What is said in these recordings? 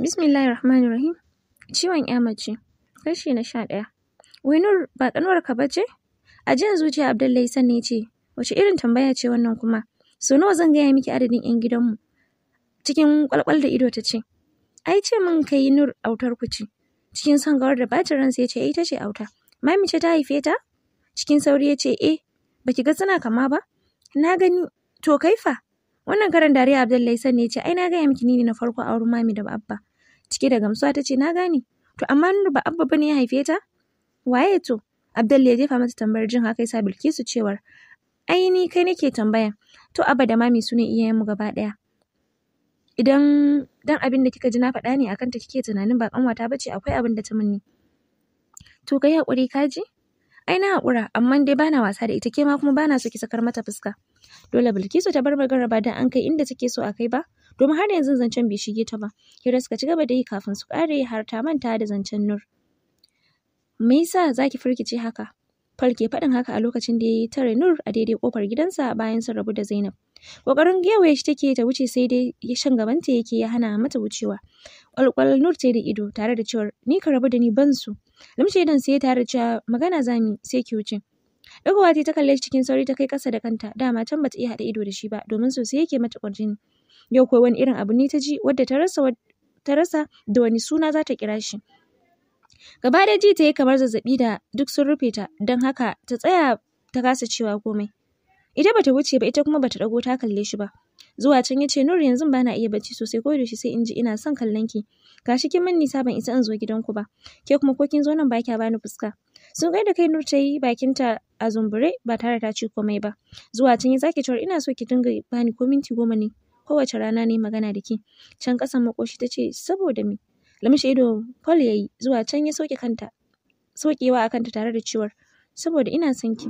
Bismillahi Rahmanir Rahim. Ciwon ya mace. Kashi na sha ɗaya. Wai nur ba ƙanuwar ka bace? A jiyan zuciya Abdullahi sanne ya ce, wace irin tambaya ce wannan kuma? So nawa zan gaya miki adadin yan gidanmu? Cikin kwalkwal da ido ta ce, ai ce min ka yi nur autar ku ce. Cikin son gawar da bacin ransa ya ce, eh, ita ce auta. Mami ce ta haife ta? Cikin sauri ya ce, eh, baki ga suna kama ba? Na gani, to kai fa? Wannan karan dariya Abdullahi sanne ya ce, ai na gaya miki ni na farko a wurin mami da abba. Cike da gamsuwa ta ce na gane. To amma ba Abba bane ya haife ta? Waye to? Abdul ya jefa mata tambayar jin haka yasa Bilkisu cewar ai ni kai nake tambaya. To Abba da Mami su ne iyayenmu gaba daya Idan dan abin da kika ji na faɗa ne akan ta kike tunanin ba kanwata bace akwai abin da ta minni. To kai hakuri ka ji? Ai na hakura amma dai bana wasa da ita ke ma kuma bana so ki sakar mata fuska. Dole Bilkisu ta bar magana ba dan an kai inda take so a kai ba. domin har yanzu zancen bai shige ta ba kira suka ci gaba da yi kafin su ƙare har ta manta da zancen nur me yasa zaki firkice haka falke faɗin haka a lokacin da ya yi tare nur a daidai kofar gidansa bayan sun rabu da zainab ƙoƙarin gewaye shi take ta wuce sai dai shan gabanta yake ya hana mata wucewa ƙwalƙwal nur ce da ido tare da cewar ni ka rabu da ni ban su limshe idan sai tare da cewa magana zami sai ki wuce ɗagawa ta kalle shi cikin sauri ta kai kasa da kanta dama can bata iya haɗa ido da shi ba domin sosai yake mata ƙwarjini yau ko wani irin abu ne ta ji wadda ta rasa da wani suna za ta kira shi gaba da ji ta yi kamar zazzabi da duk sun rufe ta don haka ta tsaya ta kasa cewa komai ita bata wuce ba ita kuma bata dago ta kalle shi ba zuwa can ya ce nur yanzu ba na iya bacci sosai ko yaushe sai in ji ina son kallon ki gashi kin min nisa ban isa in zo gidanku ba ke kuma ko kin zo nan ba kya bani fuska sun kai da kai nur ta yi ta a zumbure ba tare ta ci komai ba zuwa can ya sake cewa ina so ki dinga bani ko minti goma ne kowace rana ne magana da ke. Can ƙasan makoshi ta ce, saboda me? Lamshe ido Paul ya zuwa can ya soke kanta. Sokewa a kanta tare da cewar, saboda ina son ki.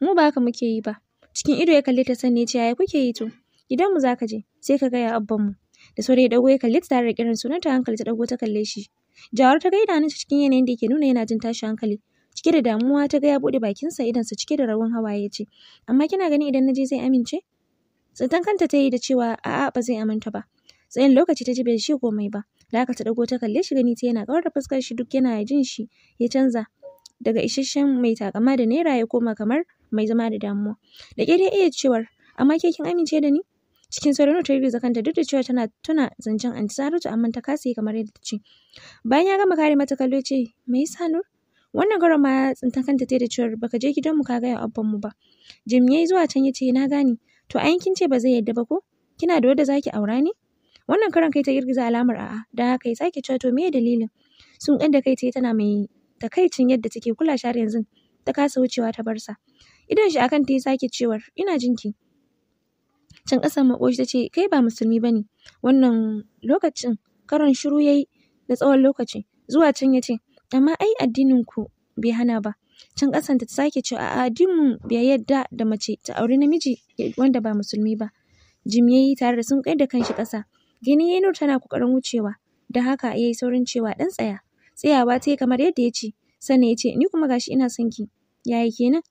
Mu ba haka muke yi ba. Cikin ido ya kalle ta sanne ce, ya kuke yi to? Gidan mu za je, sai ka gaya abban mu. Da saurayi ya dago ya kalli ta tare da kiran ta hankali ta dago ta kalle shi. Jawar ta gaida hannunsa cikin yanayin da yake nuna yana jin tashi hankali. Cike da damuwa ta ga ya bude bakinsa idansa cike da rawan hawaye ya ce, "Amma kina ganin idan na je zai amince?" Tsintan kanta ta yi da cewa a'a ba zai aminta ba. Tsayin lokaci ta ji bai ce komai ba. Da aka ta dago ta kalle shi gani ta yana kawar da fuskar shi duk yana jin shi ya canza daga isasshen mai takama da naira ya koma kamar mai zama da damuwa. Da ƙyar ya iya cewar amma ke kin amince da ni? cikin sauran ta girgiza kanta duk da cewa tana tuna zancen anti Saratu amma ta kasa yi kamar yadda ta ce. Bayan ya gama kare mata kallo ce, "Me sa Nur?" Wannan garon ma ya tsinta kanta ta da cewa baka je gidanmu ka gaya abban mu ba. Jim yi zuwa can ce na gane To ai kin ce ba zai yadda ba ko? Kina da wadda zaki aura ne? Wannan karan kai ta girgiza alamar a'a, da haka ya sake cewa to meye dalilin? Sun da kai tayi tana mai takaicin yadda take kula shar yanzu ta kasa wucewa ta barsa. Idan shi akan ta ya sake cewar ina jinki. Can ƙasan makoshi ta ce kai ba musulmi bane. Wannan lokacin karon shiru yayi na tsawon lokaci. Zuwa can ya ce amma ai addinin ku bai hana ba. Can ƙasan ta sake cewa a mu bai yadda da mace ta auri namiji wanda ba musulmi ba. Jim ya yi tare da sun da kanshi ƙasa. Gani ya tana ƙoƙarin wucewa. Da haka ya yi saurin cewa dan tsaya. Tsayawa ta yi kamar yadda ya ce. Sannan ya ce ni kuma gashi ina son ki. Yaya kenan?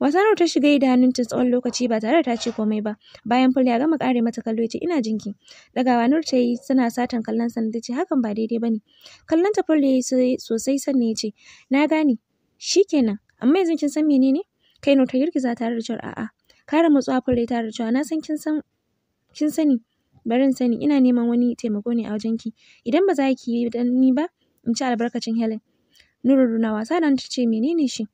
Wasanar ta shiga da hannunta tsawon lokaci ba tare da ta ce komai ba. Bayan Ful ya gama kare mata kallo ya ce ina jinki. Dagawa Nur ta yi tana satan kallon sa ta ce hakan ba daidai bane. Kallon ta Ful ya yi sosai sannan ya na gane shikenan amma yanzu kin san menene kaino ta girgiza tare da cewa a'a kare matsuwa fure tare da cewa na san kin san kin sani barin sani ina neman wani taimako ne a wajen ki idan ba za ki yi dan ni ba in ci albarkacin Helen Nururu na wasa da ta ce menene shi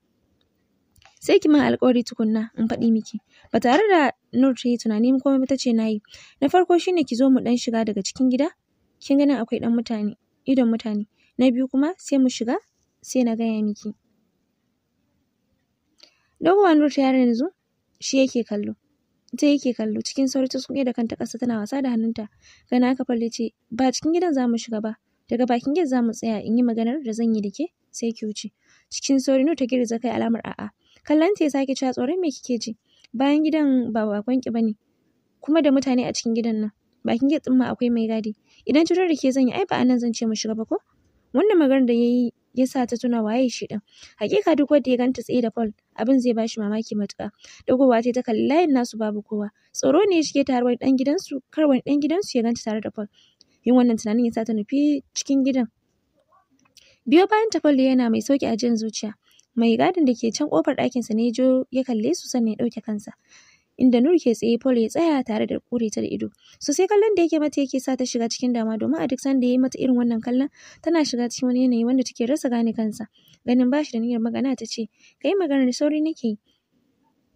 sai ki min alƙawari tukunna in faɗi miki ba tare da Nur ta yi tunani komai ba ta ce nayi na farko shine ki zo mu dan shiga daga cikin gida kin ganin akwai dan mutane idon mutane na biyu kuma sai mu shiga sai na gaya miki doguwar nur ta yanzu shi yake kallo ita yake kallo cikin sauri ta sunkuya da kanta ƙasa tana wasa da hannunta gana aka falle ce ba cikin gidan zamu shiga ba daga bakin gate zamu tsaya in yi maganar da zan yi da ke sai ki wuce cikin sauri nur ta girgiza kai alamar a'a kallon ta ya sake cewa tsoron me kike ji bayan gidan ba bakon ki bane kuma da mutane a cikin gidan nan bakin gate ɗin ma akwai mai gadi idan cutar da ke zan yi ai ba anan zan ce mu shiga ba ko wannan maganar da yayi ya sa ta tuna waye shi din hakika duk wanda ya ganta tsaye da Paul abin zai bashi mamaki matuka? dagowa ce ta kalli layin nasu babu kowa tsoro ne ya shige ta wani dan gidansu kar dan gidansu ya ganta tare da Paul yin wannan tunanin ya sa ta nufi cikin gidan biyo bayan ta Paul yana mai sauki a jin zuciya mai gadin da ke can kofar ɗakinsa ne ya ya kalle su sannan ya ɗauke kansa inda Nur ke tsaye Paul ya tsaya tare da kure ta da ido. So sai kallon da yake mata yake sa ta shiga cikin dama domin a duk sanda ya yi mata irin wannan kallon tana shiga cikin wani yanayi wanda take rasa gane kansa. Ganin ba shi da niyyar magana ta ce, ka yi magana da sauri nake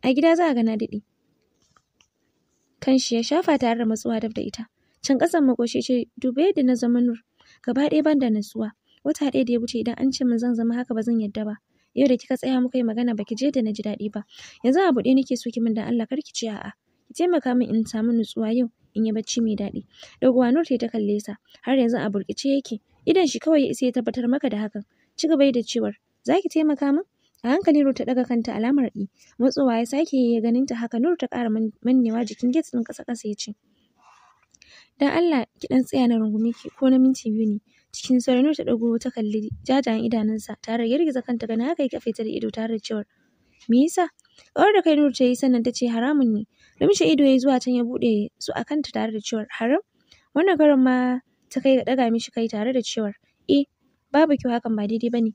A gida za a gana daɗi. Kanshi ya shafa tare da matsuwa dab da ita. Can ƙasan makoshi ce, dube yadda na zama Nur. Gaba ɗaya ban da natsuwa. Wata ɗaya da ya wuce idan an ce min zan zama haka ba zan yadda ba. yau da kika tsaya muka yi magana baki je da na ji daɗi ba yanzu abu ɗaya nake so ki min dan Allah kar ki ce a'a ki taimaka min in samu nutsuwa yau in yi bacci mai daɗi doguwa nur ta kalle sa har yanzu a burkice yake idan shi kawai sai ya tabbatar maka da hakan ci gaba da cewar za ki taimaka min a hankali nur ta daga kanta alamar i motsowa ya sake ya ganin ta haka Nur ta ƙara mannewa jikin gate ɗin ƙasa ƙasa ya ce dan Allah ki dan tsaya na rungume ki ko na minti biyu ne cikin sauri Nur ta ɗago ta kalli jajayen idanunsa tare da girgiza kanta ganin haka yake kafe da ido tare da cewar me yasa kawar da kai Nur ta yi sannan ta ce haramun ne lumshe ido ya zuwa can ya buɗe su a kanta tare da cewar haram wannan karin ma ta kai ga ɗaga mishi kai tare da cewar eh babu kyau hakan ba daidai bane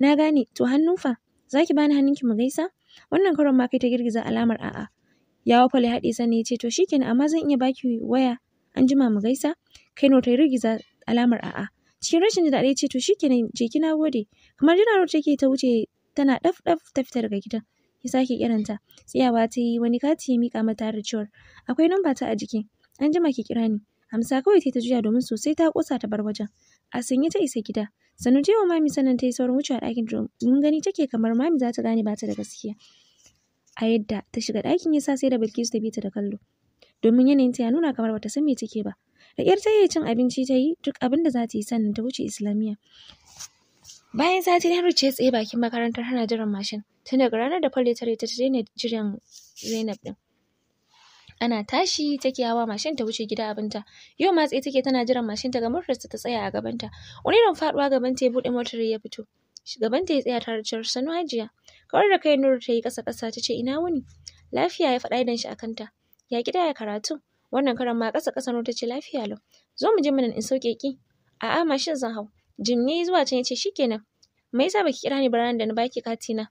na gane to hannu fa zaki bani hannunki mu gaisa wannan karon ma kai ta girgiza alamar a'a ya wafa le haɗe sannan ya ce to shikenan amma zan iya baki waya an jima mu gaisa kai ta girgiza alamar a'a cikin rashin jin daɗi ya ce to shikenan je ki na gode kamar jira road take ta wuce tana ɗaf ɗaf ta fita daga gidan ya sake kiranta tsayawa ta yi wani kati ya miƙa mata da cewar akwai namba ta a jiki an jima ki kira ni amsa kawai sai ta juya domin sosai ta kosa ta bar wajen a sanye ta isa gida sannu jewa mami sannan ta yi saurin wucewa ɗakin domin gani take kamar mami za ta gane ba ta da gaskiya a yadda ta shiga ɗakin ya sa sai da bilkisu ta bi ta da kallo domin yanayin ya nuna kamar bata san me take ba da ƙyar ta cin abinci ta yi duk abin da za ta yi sannan ta wuce islamiyya bayan sati ta ruce tsaye bakin makarantar hana jiran mashin tun daga ranar da falle tare ta daina jiran zainab din ana tashi take hawa mashin ta wuce gida abinta yau ma tsaye take tana jiran mashin ta ga motarsa ta tsaya a gabanta wani irin faduwa gabanta ya buɗe motar ya fito ta ya tsaya tare da sanu hajiya kawar da kai nuru ta yi ƙasa ƙasa ta ce ina wuni lafiya ya faɗa idan shi a kanta ya gida ya karatu Wannan karan ma ƙasa ƙasa ta ce lafiya lau. Zo mu je mana in sauke ki. A'a mashin zan hau. jin yi zuwa can yace ce shikenan. Me yasa baki kira ni ranar da na baki kati na?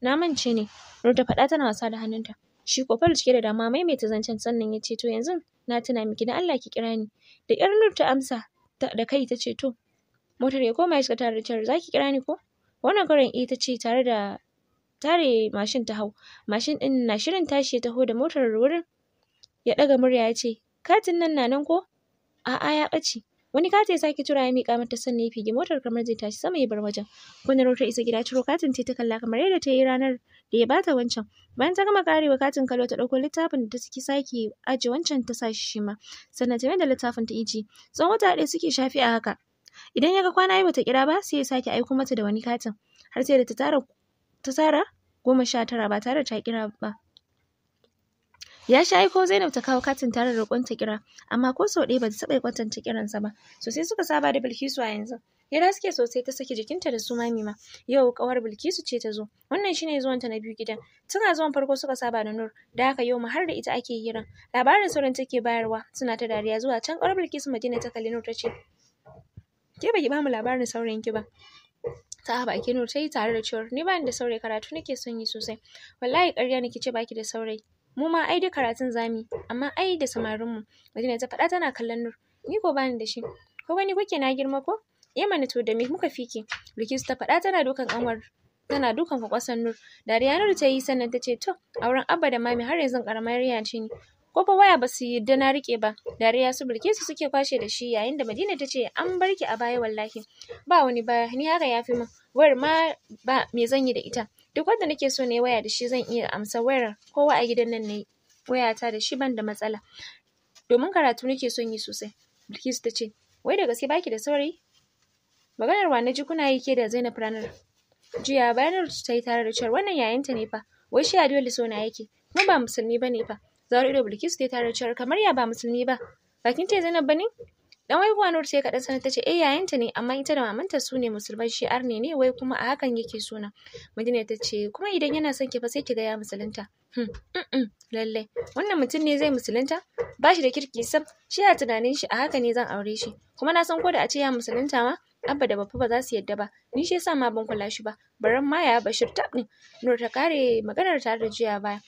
Na mance ne. Rota faɗa tana wasa da hannunta. Shi kofar cike da dama mai ta zancen sannan ya ce to yanzu na tuna miki dan Allah ki kira ni. Da ƙyar Nur ta amsa da kai ta ce to. Motar ya koma ya shiga tare da za ki kira ni ko? Wannan karan eh ta ce tare da tare mashin ta hau. Mashin ɗin na shirin tashi ya taho da motar wurin ya ɗaga murya ya ce katin nan na nan ko a'a ya ɓace wani katin ya sake tura ya miƙa mata sannan ya fige motar kamar zai tashi sama ya bar wajen kunar ta isa gida ciro katin ta kalla kamar yadda ta yi ranar da ya bata wancan bayan ta gama karewa katin kalo ta ɗauko littafin da ta saki sake aje wancan ta sa shi ma sannan ta da littafin ta iji tsawon wata ɗaya suke shafi a haka idan ya ga kwana yi bata kira ba sai ya sake aiko mata da wani katin har sai da ta tara ta tara goma sha tara ba tare da ta kira ba ya sha aiko Zainab ta kawo katin tare da roƙon kira amma ko sau ɗaya bata taɓa kwatanta kiransa ba sosai suka saba da Bilkisu a yanzu ya raske sosai ta saki jikinta da su mami ma yau kawar Bilkisu ce ta zo wannan shine zuwan ta na biyu gidan Tana zuwan farko suka saba da Nur da haka yau ma har da ita ake hira labarin sauran take bayarwa suna ta dariya zuwa can kawar Bilkisu Madina ta kalli Nur ta ce ke baki ba mu labarin sauran ki ba ta ba ke Nur ta yi tare da cewar ni ba ni da saurayi karatu nake son yi sosai wallahi ƙarya nake ce baki da saurayi mu ma ai dai karatun zamu amma ai da samarin mu Madina ta faɗa tana kallon Nur ni ko bani da shi ko wani kuke na girma ko eh mana to da me muka fike Bilkisu ta faɗa tana dukan kanwar tana dukan kwakwasan Nur dariya Nur ta yi sannan ta ce to auren Abba da Mami har yanzu karamar yarinya ce ni ko fa waya ba su yadda na rike ba dariya su bilkisu suke kwashe da shi yayin da madina ta ce an barki a baya wallahi ba wani baya ni haka ya fi min wayar ma ba me zan yi da ita duk wanda nake so nayi waya da shi zan iya amsa wayar kowa a gidan nan nayi wayata da shi da matsala domin karatu nake son yi sosai Bilkisu ta ce wai da gaske baki da saurayi maganar wa na ji kuna yi ke da Zainab ranar jiya bayanar ta yi tare da cewar wannan yayanta ne fa wai shi dole so na yake kuma ba musulmi bane fa Zaro ido Bilkisu ta yi tare da cewar kamar ya ba musulmi ba bakin ta Zainab bane dan wai buwa Nur ce kaɗan sanar ta ce eh yayanta ne amma ita da mamanta su ne musulmai shi arne ne wai kuma a hakan yake suna Madina ta ce kuma idan yana son ki fa sai ki ga ya musulunta hmm, lallai wannan mutum ne zai musulunta ba shi da kirki sam shi a tunanin shi a haka ne zan aure shi kuma na san ko da a ce ya musulunta ma abba da babba ba za su yadda ba ni shi yasa ma ban kula shi ba baran ma ya bashir tab ne nur ta kare maganar tare da jiya baya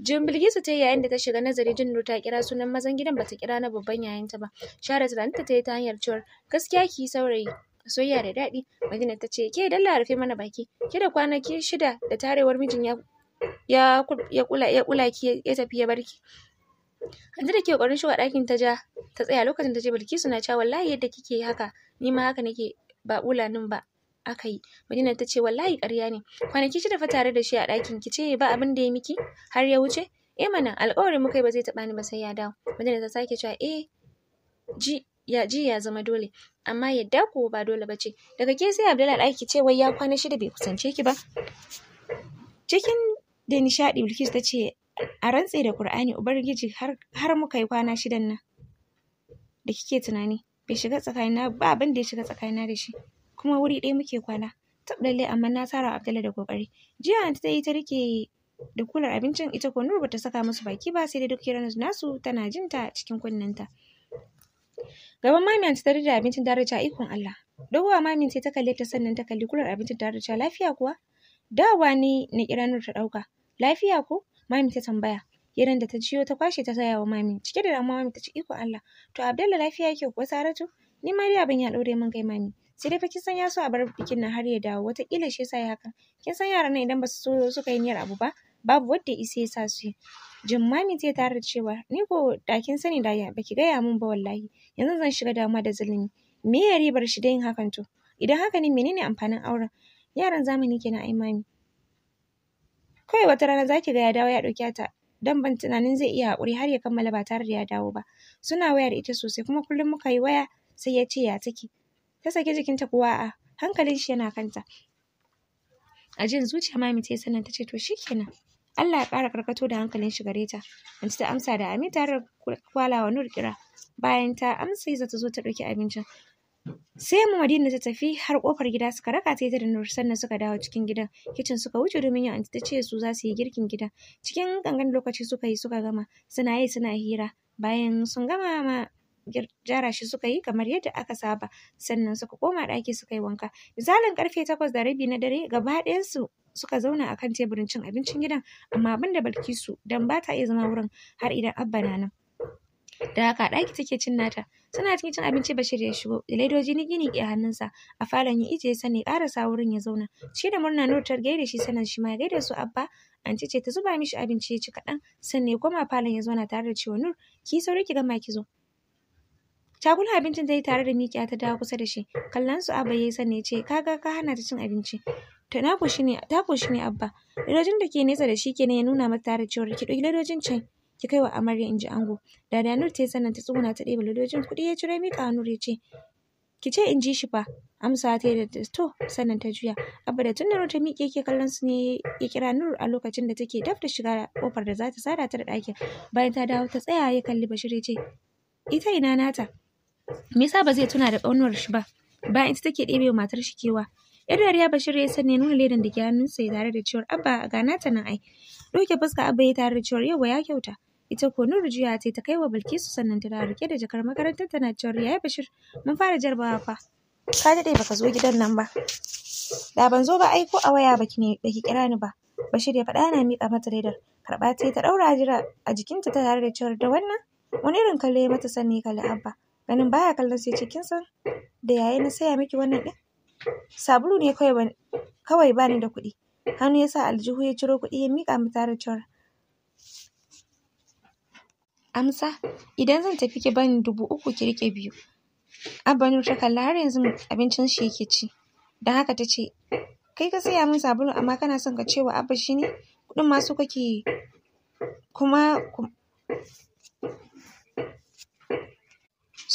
Jin Bilkisu ta yi yayin da ta shiga nazari jin ta kira sunan mazan gidan bata kira na babban yayanta ba. Share tunaninta ta yi ta hanyar cewar gaskiya ki saurayi soyayya da daɗi. Madina ta ce ke dalla rufe mana baki. Ke da kwanaki shida da tarewar mijin ya ya ya kula ya kula ki ya tafi ya barki. Hanzu da ke ƙoƙarin shiga ɗakin ta ja ta tsaya lokacin ta ce Bilkisu na cewa wallahi yadda kike haka ni ma haka nake ba kulanin ba. aka yi madina ta ce wallahi ƙarya ne kwanaki shida fa tare da shi a ɗakin ki ce ba abin da ya miki har ya wuce eh mana alƙawarin muka yi ba zai taɓa ni ba sai ya dawo madina ta sake cewa eh ji ya ji ya zama dole amma yadda ko ba dole ba ce daga ke sai abdullah ɗaki ce wai ya kwana shida bai kusance ki ba cikin da nishaɗi bilkis ta ce a rantse da Kur'ani Ubangiji har har muka yi kwana shidan nan da kike tunani bai shiga na ba abin ya shiga tsakanina da shi kuma wuri ɗaya muke kwana tab lalle amma na tara Abdullahi da kokari jiya anti ta yi ta rike da kular abincin ita ko Nur bata saka musu baki ba sai dai duk kiran nasu tana jin ta cikin kunninta gaban mamiyan ta da abincin da rica ikon Allah dogowa mamin sai ta kalle ta sannan ta kalli kular abincin da rica lafiya kuwa dawa ne na ta dauka lafiya ko mamin ta tambaya yaran da ta ciyo ta kwashe ta saya wa mami cike da damuwa mami ta ce ikon Allah to Abdullahi lafiya yake kuwa Saratu ni ma dai abin ya daure min kai mami sai dai fa kin san ya so a bar bikin nan har ya dawo wataƙila shi yasa ya haka kin san yaran nan idan basu so suka yi niyyar abu ba babu wanda isa ya sa su yi jimmami zai tare da cewa ni ko da kin sani da baki gaya mun ba wallahi yanzu zan shiga damuwa da zulumi me ya ribar shi da yin hakan to idan haka ne menene amfanin auren yaran zamani kenan ai mami kawai wata rana zaki ga ya dawo ya dauki ta dan ban tunanin zai iya hakuri har ya kammala ba tare da ya dawo ba suna waya da ita sosai kuma kullum muka yi waya sai ya ce ya take ta saki jikinta kuwa a hankalin shi yana kanta a jin zuciya mami ta yi sannan ta ce to shikenan Allah ya ƙara karkato da hankalin shi gare ta mace ta amsa da amin tare da kwalawa nur kira bayan ta amsa za ta zo ta ɗauki abincin sai mu madina ta tafi har kofar gida suka raka ta da nur sannan suka dawo cikin gidan kicin suka wuce domin yin ta ce su za su yi girkin gida cikin gangan lokaci suka yi suka gama suna yi suna hira bayan sun gama ma jara shi suka yi kamar yadda aka saba sannan suka koma ɗaki suka yi wanka misalin karfe takwas da rabi na dare gaba ɗayansu suka zauna a kan teburin cin abincin gidan amma abin da Bilkisu dan ba ta iya zama wurin har idan Abba na nan da haka ɗaki take cin nata suna cikin cin abinci Bashir ya shigo ledoji ni gini ke hannunsa a falon ya ije sani ƙarasa wurin ya zauna shi da murna Nur ta gaida shi sannan shi ma ya gaida su Abba anti ce ta zuba mishi abinci ya ci kaɗan sannan ya koma falon ya zauna tare da cewa Nur ki sauri ki gama ki zo Cakula abincin ta yi tare da mikiya ta dawo kusa da shi. Kallon su Abba ya yi sanne ce, kaga ka hana ta cin abinci. Ta na koshi ne, ta koshi ne Abba. Ladojin da ke nesa da shi kenan ya nuna mata tare cewa ki ɗauki ladojin can. Ki kai wa amarya in ji ango. da Nur ta yi sannan ta tsuguna ta ɗebe ladojin kuɗi ya cire miƙa Nur ya ce, ki ce in ji shi fa. Amsa ta yi da to sannan ta juya. Abba da tun da Nur ta miƙe yake kallon su ne ya kira Nur a lokacin da take daf da shiga kofar da za ta sada ta da ɗakin. Bayan ta dawo ta tsaya ya kalli Bashir ya ita ina nata. Me yasa ba zai tuna da ƙaunar shi ba? Bayan ita take ɗebe wa matar shi kewa. Yar dariya Bashir ya sanya nuna ledan da ke hannunsa tare da cewa Abba ga nata nan ai. Doke fuska Abba ya tare da cewa yawa ya kyauta. Ita ko Nuru juya ta ta wa Bilkisu sannan ta rike da jakar makarantar tana cewa yaya Bashir mun fara jarbawa fa. Ka daɗe baka zo gidan nan ba. Da ban zo ba ai ko a waya baki ne baki kira ni ba. Bashir ya faɗa na miƙa mata ledar. Karɓa ta ta ɗaura a jikinta ta tare da cewa da wannan wani irin kalle ya mata sanni kalli Abba. ganin baya kallon sai cikin sa san da yaya na saya miki wannan din sabulu ne kawai ban kawai bani da kuɗi hannu ya sa aljihu ya ciro kuɗi ya mika mu tare cewar amsa idan zan tafi ki bani dubu uku ki riƙe biyu abanur ta kalla har yanzu abincin shi yake ci Dan haka ta ce kai ka saya min sabulu amma kana son ka ce abba shi ne kuɗin ma su kake kuma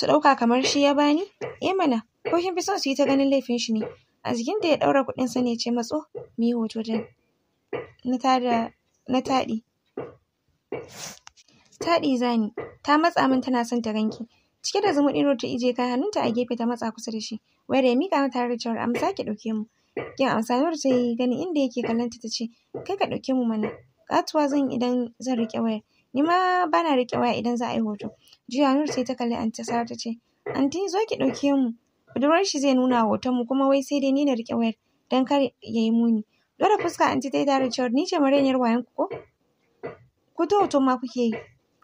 su ɗauka kamar shi ya bani eh mana ko kin fi son su yi ta ganin laifin shi ne a jikin da ya ɗaura kuɗin sa ne ce matso mu yi hoto din. na tada na taɗi taɗi zani ta matsa min tana son ta ganki cike da zumuɗi ta ije kan hannunta a gefe ta matsa kusa da shi wai ya miƙa mata tare da cewar amsa ki ɗauke mu kin amsa Nura ta yi ganin inda yake kallon ta ce kai ka ɗauke mu mana katuwa zan idan zan riƙe wayar Ni ma ba na riƙe waya idan za a yi hoto. Jiya Nur sai ta kalli Anti Sara ta ce, Anti zo ki ɗauke mu. Budurwar shi zai nuna hoton mu kuma wai sai dai ni na riƙe wayar don kar ya yi muni. Dora fuska Anti ta yi tare da cewar ni ce marainiyar wayan ku ko? Ku ta hoton ma kuke yi.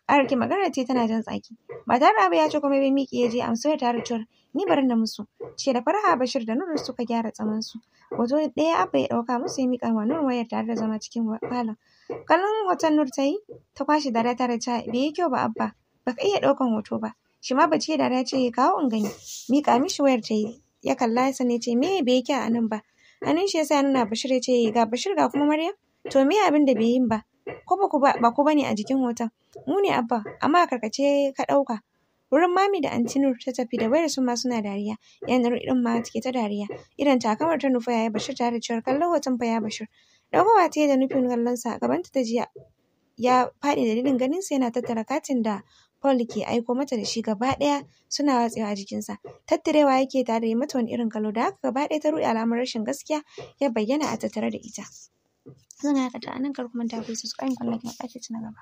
Ararki magana ce tana jan tsaki. Ba tare Abu ya ce kuma bai miƙe ya je amsa ta da cewar ni bari na musu. Ce da faraha Bashir da Nur suka gyara tsaman su. Wato ɗaya Abu ya ɗauka musu ya miƙa wa Nur wayar tare da zama cikin falon. Kallon hoton Nur ta yi ta kwashe dariya tare da bai yi kyau ba Abba baka iya ɗaukan hoto ba. Shi ma bace da ya ce ya eh, kawo in gani. Miƙa mishi wayar ta yi ya kalla ya sani ce me bai yi kyau a nan ba. Hannun shi ya sa nuna Bashir ya ce eh, ga Bashir ga kuma Maryam to me abin da bai yin ba. ko ba ku ba ba ku bane a jikin hoton mu ne abba amma a karkace ka ɗauka wurin mami da anti nur ta tafi da wayar su ma suna dariya yanar irin ma take ta dariya idan takamar ta nufa yaya bashir tare da cewar kallon hoton fa ya bashir ɗaukawa ta da nufin kallon sa gabanta ta jiya ya faɗi dalilin ganin sa yana tattara katin da Paul ke aiko mata da shi gaba ɗaya suna watsewa a jikinsa. Tattarewa yake tare da mata wani irin kalo da haka gaba ɗaya ta ruɗe alamar rashin gaskiya ya bayyana a tattare da ita. zan dakata ta nan kar ku manta ku yi subscribe ku na gaba